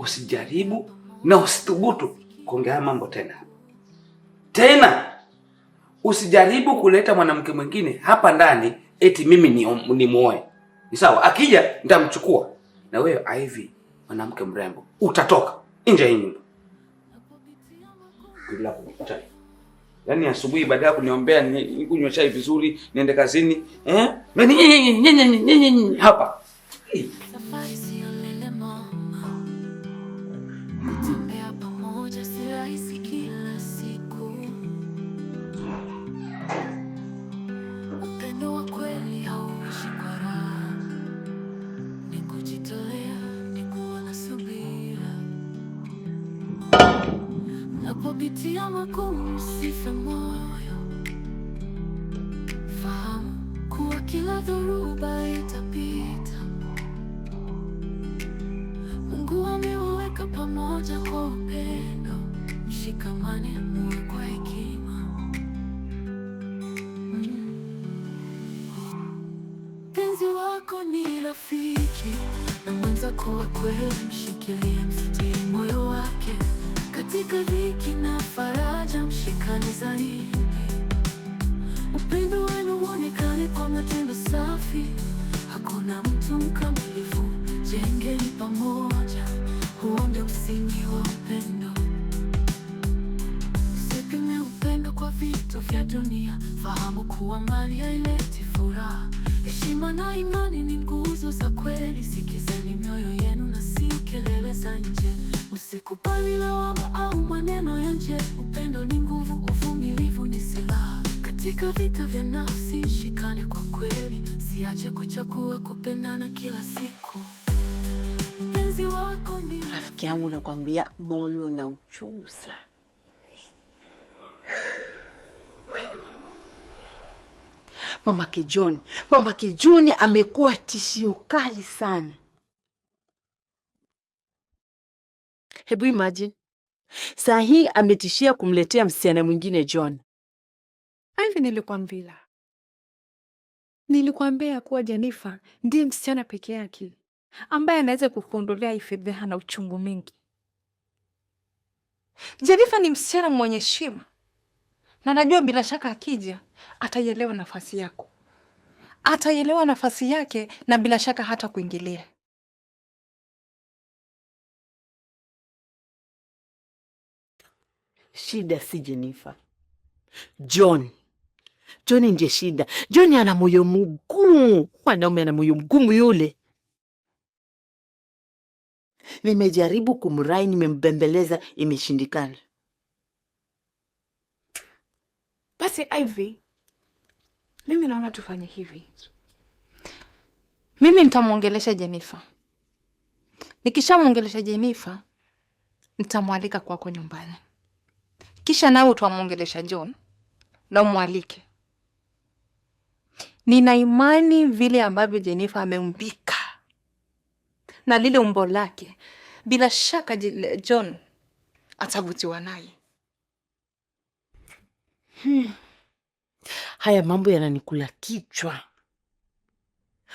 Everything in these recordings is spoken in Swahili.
usijaribu na usithubutu kuongea mambo tena tena. Usijaribu kuleta mwanamke mwingine hapa ndani eti mimi ni, ni Ni sawa, akija nitamchukua na wewe aivi, mwanamke mrembo, utatoka nje hii nyumba. Yaani asubuhi baada ya kuniombea nikunywe chai vizuri niende kazini eh? Yaani, hapa. Kupitia magumu usife moyo, fahamu kuwa kila dhoruba itapita. Mungu ameweka pamoja kwa upendo. Mshikamane, muwe kwa hekima. Mpenzi mm, wako ni rafiki na mwenzako wa kweli, mshikilie. safi. Hakuna mtu mkamilifu, jengeni pamoja, huo ndio msingi wa upendo. Usipime upendo kwa vitu vya dunia, fahamu kuwa mali haileti furaha. Heshima na imani ni nguzo za kweli. Sikizeni mioyo yenu na si kelele za nje. Usikubali lawama au maneno ya nje. Upendo ni nguvu, uvumilivu ni silaha katika vita vya nafsi. Shikane kwa kweli usiache kuchakua kupendana kila siku. Mpenzi wako ni rafiki yangu, nakwambia moyo na uchuza Mama Kijoni, Mama Kijoni amekuwa tishio kali sana. Hebu imagine saa hii ametishia kumletea msichana mwingine John. Hivi nilikwambia Nilikuambia kuwa Jenifa ndiye msichana peke yake ambaye anaweza kukuondolea ifedheha na uchungu mingi. Jenifa ni msichana mwenye heshima, na najua bila shaka akija ataielewa nafasi yako, ataielewa nafasi yake, na bila shaka hata kuingilia shida. Si Jenifa, John John ndiye shida. John ana moyo mgumu, mwanaume ana moyo mgumu yule. Nimejaribu kumrai, nimembembeleza, imeshindikana. Basi Ivy, mimi naona tufanye hivi. Mimi nitamwongelesha Jenifa. Nikishamwongelesha Jenifa, nitamwalika kwako nyumbani, kisha nawe utamwongelesha John na umwalike Nina imani vile ambavyo Jenifa ameumbika na lile umbo lake, bila shaka John atavutiwa naye. Hmm. Haya mambo yananikula kichwa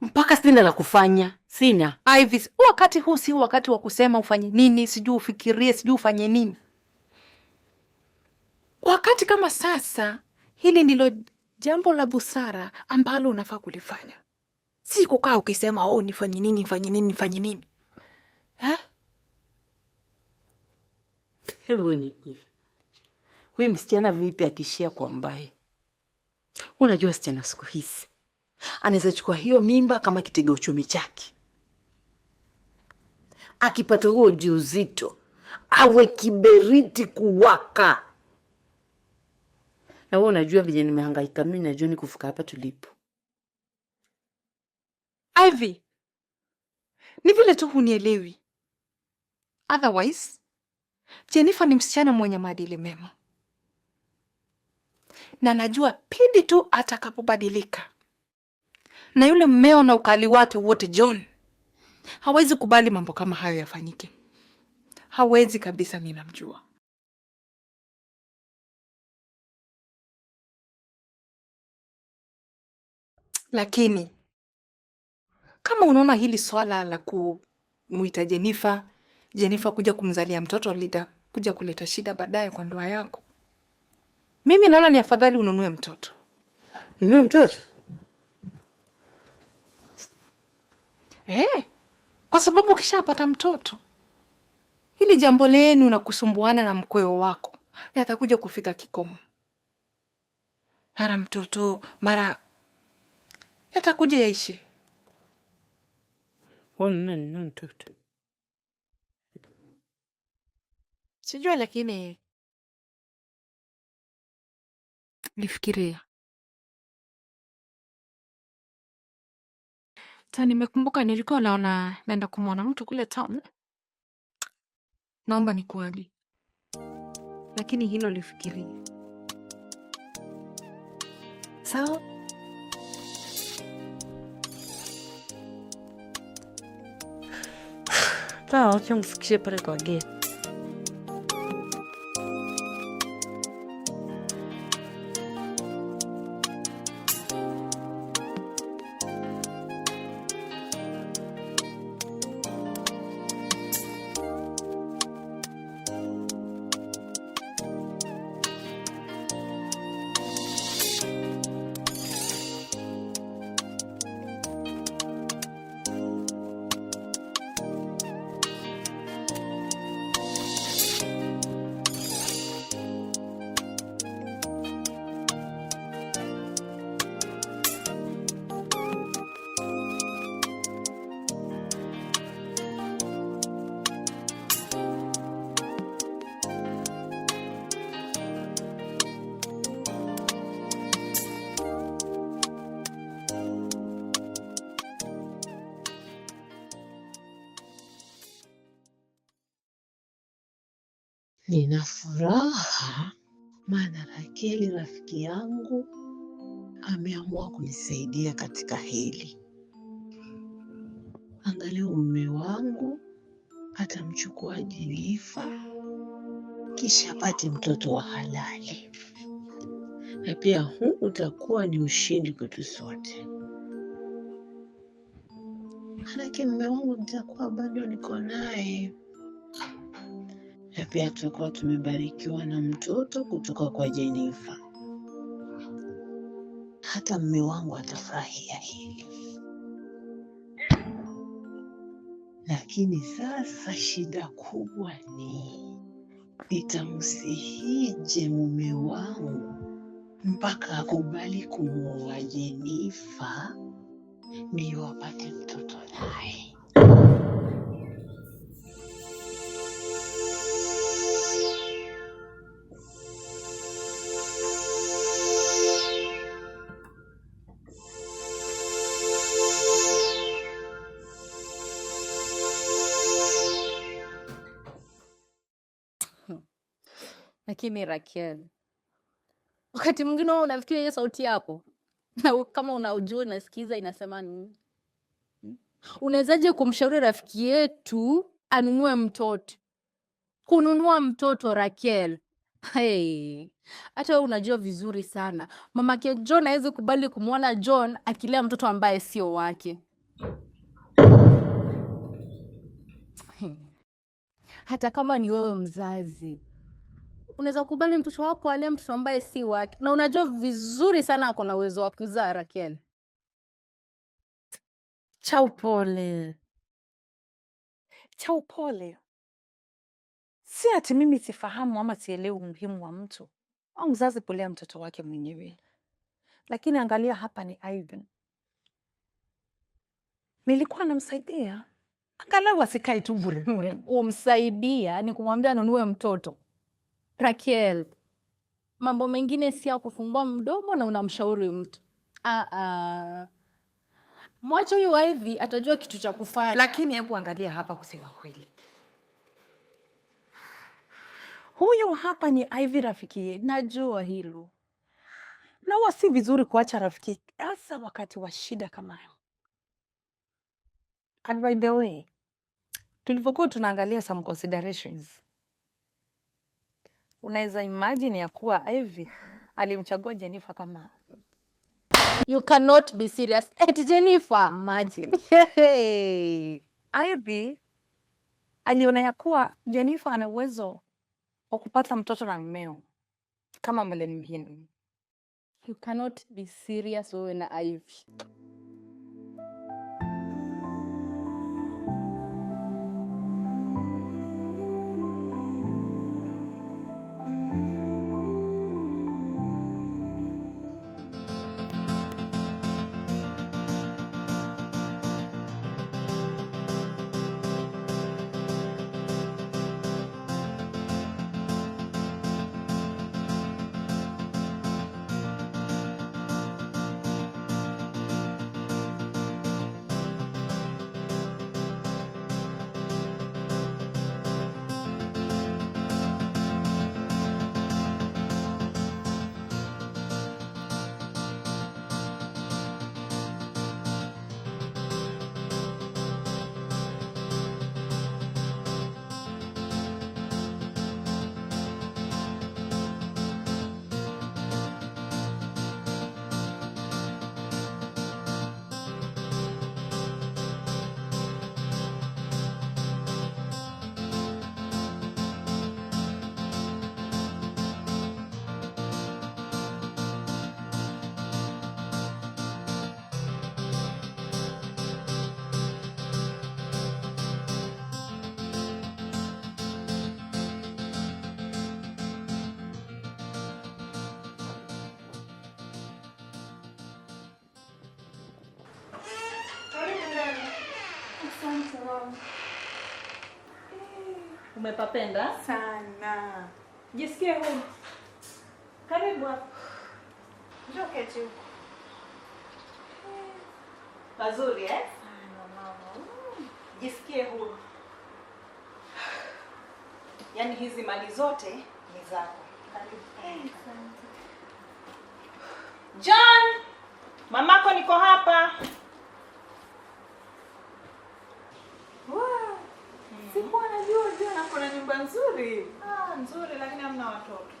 mpaka sina la kufanya, sina Ivis. Wakati huu si wakati wa kusema ufanye nini, sijui ufikirie, sijui ufanye nini. Wakati kama sasa, hili ndilo jambo la busara ambalo unafaa kulifanya, si kukaa ukisema oh, nifanye nini nifanye nini nifanye nini. Huyu msichana vipi akishia kwa mbaye? Unajua sichana siku hizi anaweza chukua hiyo mimba kama kitega uchumi chake, akipata huo ujauzito awe kiberiti kuwaka na wewe unajua vile nimehangaika mimi na John kufika hapa tulipo. Ivy, ni vile tu hunielewi. Otherwise, Jennifer ni msichana mwenye maadili mema, na najua pindi tu atakapobadilika na yule mmeo na ukali wake wote, John hawezi kubali mambo kama hayo yafanyike, hawezi kabisa. ninamjua. Lakini kama unaona hili swala la kumuita Jenifa, Jenifa kuja kumzalia mtoto litakuja kuleta shida baadaye kwa ndoa yako, mimi naona ni afadhali ununue mtoto. Nunue mtoto eh, kwa sababu ukishapata mtoto hili jambo lenu na kusumbuana na mkweo wako atakuja kufika kikomo, mara mtoto mara yatakuja yaishi. sijua lakini nifikiria ta, nimekumbuka nilikuwa naona naenda kumwona mtu kule town. Naomba nikuaje, lakini hilo lifikiria, sawa? To, o czym skrzypy gogi? Nina furaha maana Rakeli rafiki yangu ameamua kunisaidia katika hili. Angalia mume wangu atamchukua Jenifa kisha apate mtoto wa halali, na pia huu utakuwa ni ushindi kwetu sote, manake mume wangu nitakuwa bado niko naye na pia tutakuwa tumebarikiwa na mtoto kutoka kwa Jenifa. Hata mme wangu atafurahia hili. Lakini sasa shida kubwa ni nitamsihije mume wangu mpaka akubali kumwoa Jenifa ndiyo mtoto naye. lakini Rakel, wakati mwingine wao unafikiria hiyo sauti yako na kama unaujua unasikiza inasema nini? Hmm? Unawezaje kumshauri rafiki yetu anunue mtoto? Kununua mtoto Rakel, hey, hata unajua vizuri sana mamake John hawezi kubali kumwona John akilea mtoto ambaye sio wake. Hata kama ni wewe mzazi unaweza kukubali mtoto wako alee mtoto ambaye si wake, na unajua vizuri sana ako na uwezo wa kuzaa. Rakel, cha cha upole. Si ati mimi sifahamu ama sielewi umuhimu wa mtu au mzazi kulea mtoto wake mwenyewe, lakini angalia hapa ni Aidan. Nilikuwa namsaidia angalau asikae tu bure. Umsaidia ni kumwambia anunue mtoto Raquel, mambo mengine si ya kufungua mdomo na unamshauri mtu ah, ah. Mwacha huyu hivi atajua kitu cha kufanya. Lakini hebu angalia hapa, kusema kweli, huyo hapa ni Ivy rafiki, najua hilo na huwa si vizuri kuacha rafiki, hasa wakati wa shida kama hiyo. And by the way, tulivyokuwa tunaangalia some considerations Unaweza imagine ya kuwa Ivy alimchagua Jennifer kama You cannot be serious. Eti Jennifer, imagine. Hey. Ivy aliona ya kuwa Jennifer ana uwezo wa kupata mtoto na mmeo kama mle You cannot be serious wewe na Ivy. Umepapenda sana. Jisikie huu. Karibu hapa. Njoo keti huko. Pazuri eh? Sana mama. Mm. Jisikie huru. Yaani hizi mali zote ni zako. Karibu. John, mamako niko hapa. pia nako na nyumba nzuri. Ah, nzuri lakini hamna watoto.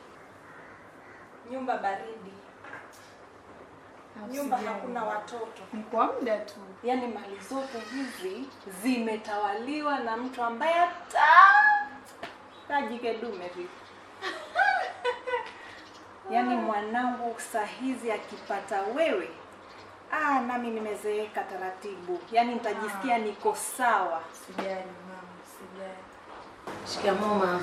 Nyumba baridi. Nyumba hakuna watoto. Ni kwa muda tu. Yaani mali zote hizi zimetawaliwa na mtu ambaye hata tajike dume vipi. Yaani mwanangu sahizi akipata wewe Ah, nami nimezeeka taratibu, yaani nitajisikia ah. niko sawa. Sijali. Shikamoo mama.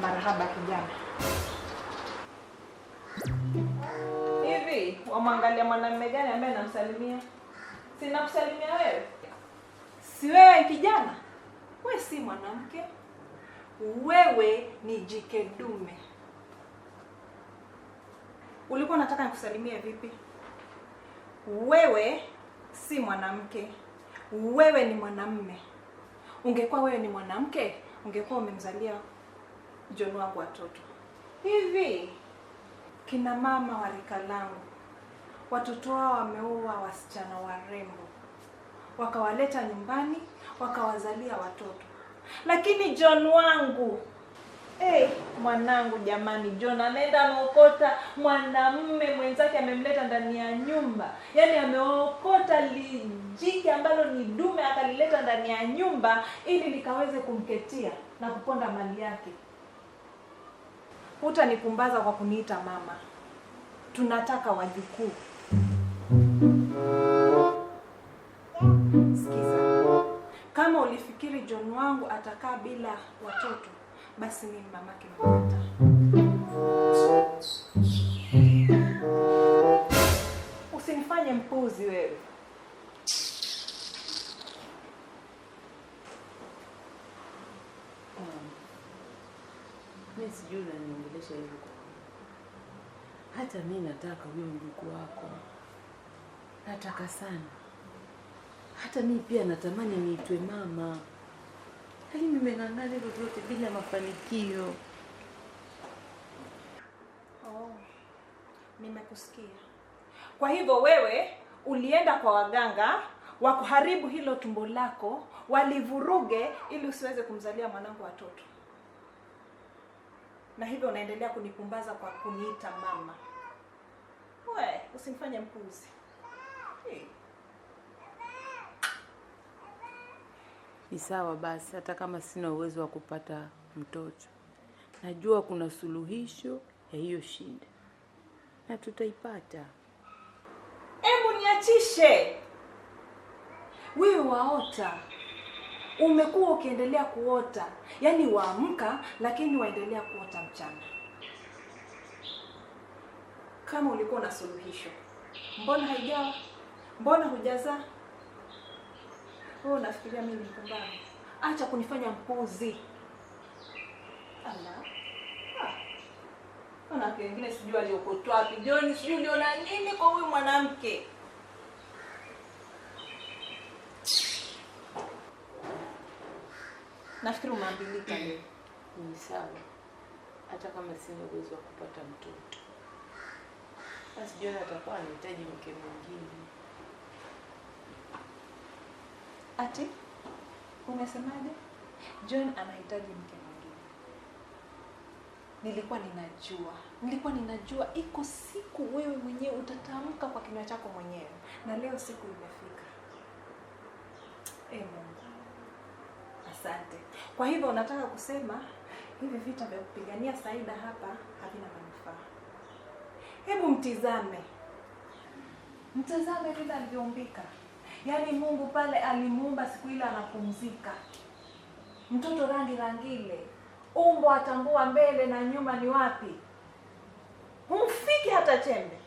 Marahaba kijana. Hivi wamwangalia mwanamume gani ambaye namsalimia? Sina wewe, si wewe kijana, we si mwanamke, wewe ni jike dume ulikuwa unataka nikusalimie vipi? Wewe si mwanamke, wewe ni mwanamme. Ungekuwa wewe ni mwanamke, ungekuwa umemzalia John wangu watoto hivi. Kina mama wa rika langu watoto wao wameoa wasichana warembo, wakawaleta nyumbani, wakawazalia watoto, lakini John wangu Hey, mwanangu jamani, John anaenda ameokota mwanamume mwenzake, amemleta ndani ya nyumba, yaani ameokota lijiki ambalo ni dume, akalileta ndani ya nyumba ili likaweze kumketia na kuponda mali yake. Hutanikumbaza kwa kuniita mama, tunataka wajukuu. kama ulifikiri John wangu atakaa bila watoto basi mimi mamake usinifanye mpuzi wewe. mi sijui unaniongelesha hivyo. Hata mimi nataka huyo mjuku wako, nataka sana. Hata mimi pia natamani niitwe mama hali yaani nimeng'ang'ana vyovyote bila mafanikio. Oh, nimekusikia. Kwa hivyo wewe ulienda kwa waganga wakuharibu hilo tumbo lako, walivuruge ili usiweze kumzalia mwanangu watoto, na hivyo unaendelea kunipumbaza kwa kuniita mama. We usimfanye mpuzi. Hey. ni sawa basi, hata kama sina uwezo wa kupata mtoto, najua kuna suluhisho ya hiyo shida na tutaipata. Hebu niachishe wewe, waota umekuwa ukiendelea kuota, yaani waamka lakini waendelea kuota mchana. Kama ulikuwa na suluhisho, mbona haijawa? Mbona hujazaa? Wewe unafikiria mimi ni mpumbavu? Acha kunifanya mpuzi. Ah. Ana kingine sijui aliokotoa wapi. John sijui uliona nini kwa huyu mwanamke? Nafikiri umeambilika leo. Eh, ni sawa. Hata kama sina uwezo wa kupata mtoto. Basi John atakuwa anahitaji mke mwingine. Ati umesemaje? John anahitaji mke mwingine. Nilikuwa ninajua, nilikuwa ninajua iko siku wewe mwenyewe utatamka kwa kinywa chako mwenyewe, na leo siku imefika. Eh, Mungu, asante. Kwa hivyo unataka kusema hivi vita vya kupigania Saida hapa havina manufaa? Hebu mtizame, mtazame vile alivyoumbika. Yaani Mungu pale alimuumba siku ile anapumzika. Mtoto rangi rangile, umbo atambua mbele na nyuma ni wapi, humfiki hata chembe.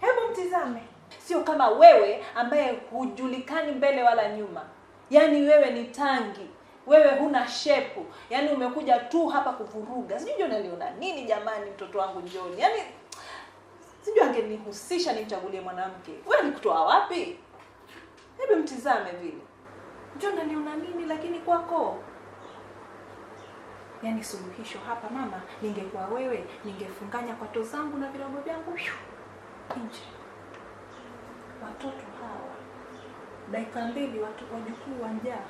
Hebu mtizame, sio kama wewe ambaye hujulikani mbele wala nyuma. Yaani wewe ni tangi wewe huna shepu, yaani umekuja tu hapa kuvuruga. Sijui ndio nini jamani, mtoto wangu njoni. Yaani sijui angenihusisha nimchagulie mwanamke, wewe alikutoa wapi? hebu mtizame vile, mchonga niona una nini, lakini kwako yaani suluhisho hapa mama, ningekuwa wewe, ningefunganya kwato zangu na virogo vyangu nje. Watoto hawa dakika mbili watu wajukuu wa njaa.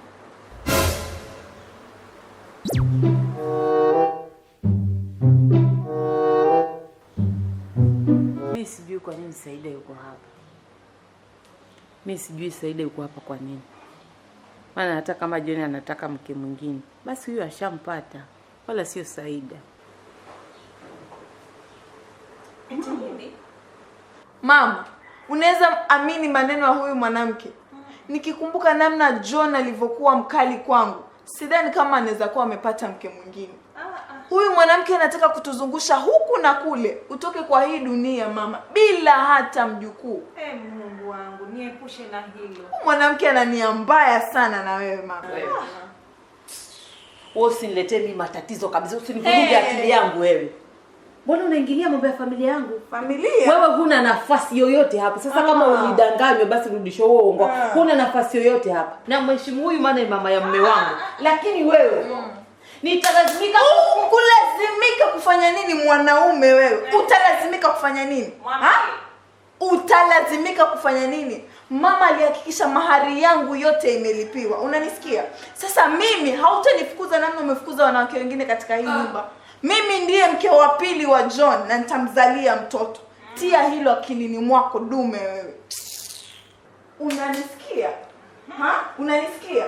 Mimi sijui kwa nini Saida yuko hapa mi sijui Saida yuko hapa kwa nini, maana hata kama John anataka mke mwingine, basi huyu ashampata, wala sio Saida. Mama, unaweza amini maneno ya huyu mwanamke? Nikikumbuka namna John alivyokuwa mkali kwangu, sidhani kama anaweza kuwa amepata mke mwingine huyu mwanamke anataka kutuzungusha huku na kule, utoke kwa hii dunia mama, bila hata mjukuu. Hey, ee Mungu wangu niepushe na hilo. Mwanamke ana nia mbaya sana na wewe mama. Wewe usiniletee mimi matatizo kabisa, usinivuruge hey, ee. akili yangu wewe. Mbona unaingilia mambo ya familia yangu? Familia. Wewe huna nafasi yoyote hapa. Sasa ah, kama ulidanganywa basi rudisho huo uongo. Ah. Huna nafasi yoyote hapa. Na mheshimu huyu maana ni mama ya mume wangu. Ah. Lakini wewe mm nitalazimika kulazimika kufanya nini mwanaume wewe eh. utalazimika kufanya nini ha? utalazimika kufanya nini mama alihakikisha mahari yangu yote imelipiwa unanisikia sasa mimi hautanifukuza namna umefukuza wanawake wengine katika hii ah. nyumba uh. mimi ndiye mke wa pili wa john na nitamzalia mtoto tia hilo akilini mwako dume wewe unanisikia ha? unanisikia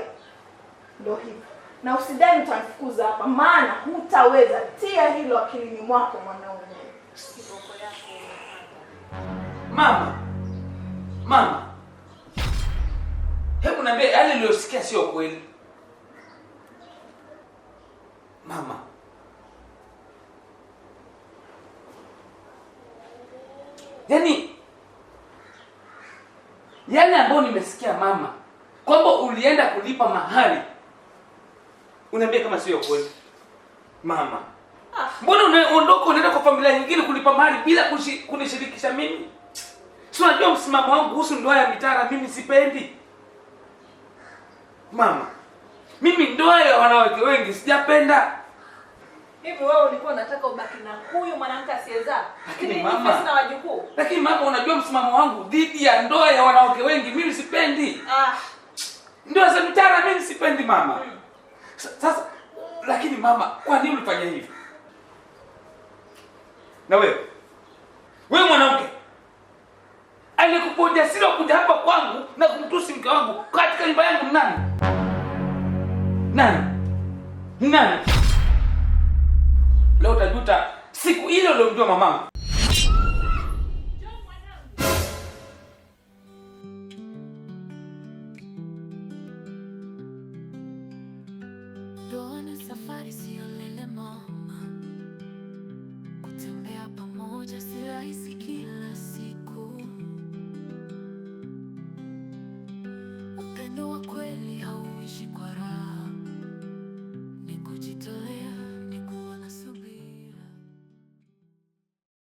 ndo hivyo na usidhani utanifukuza hapa, maana hutaweza. Tia hilo akilini mwako mwanaume. Mama, mama, hebu niambie, yale uliyosikia sio kweli mama? Yaani yale ambayo nimesikia mama, kwamba ulienda kulipa mahari unaambia kama sio kweli. Mama. Ah. Mbona unaondoka unaenda kwa familia nyingine kulipa mahali bila kunishirikisha mimi? Si unajua msimamo wangu kuhusu ndoa ya mitara mimi sipendi. Mama. Mimi ndoa ya wanawake wengi sijapenda. Hivi wewe ulikuwa unataka ubaki na huyu mwanamke asiyeza Lakini mama, sina wajukuu. Lakini mama, unajua msimamo wangu dhidi ya ndoa ya wanawake wengi mimi sipendi. Ah. Ndoa za mitara mimi sipendi mama. Hmm. Sasa lakini mama, kwa nini ulifanya hivi? Na wewe wewe mwanamke aliyekupa ujasiri wa kuja hapa kwangu na kumtusi mke wangu katika nyumba yangu ni nani? Nani? Nani? Leo utajuta siku ile uliyomjua mamangu.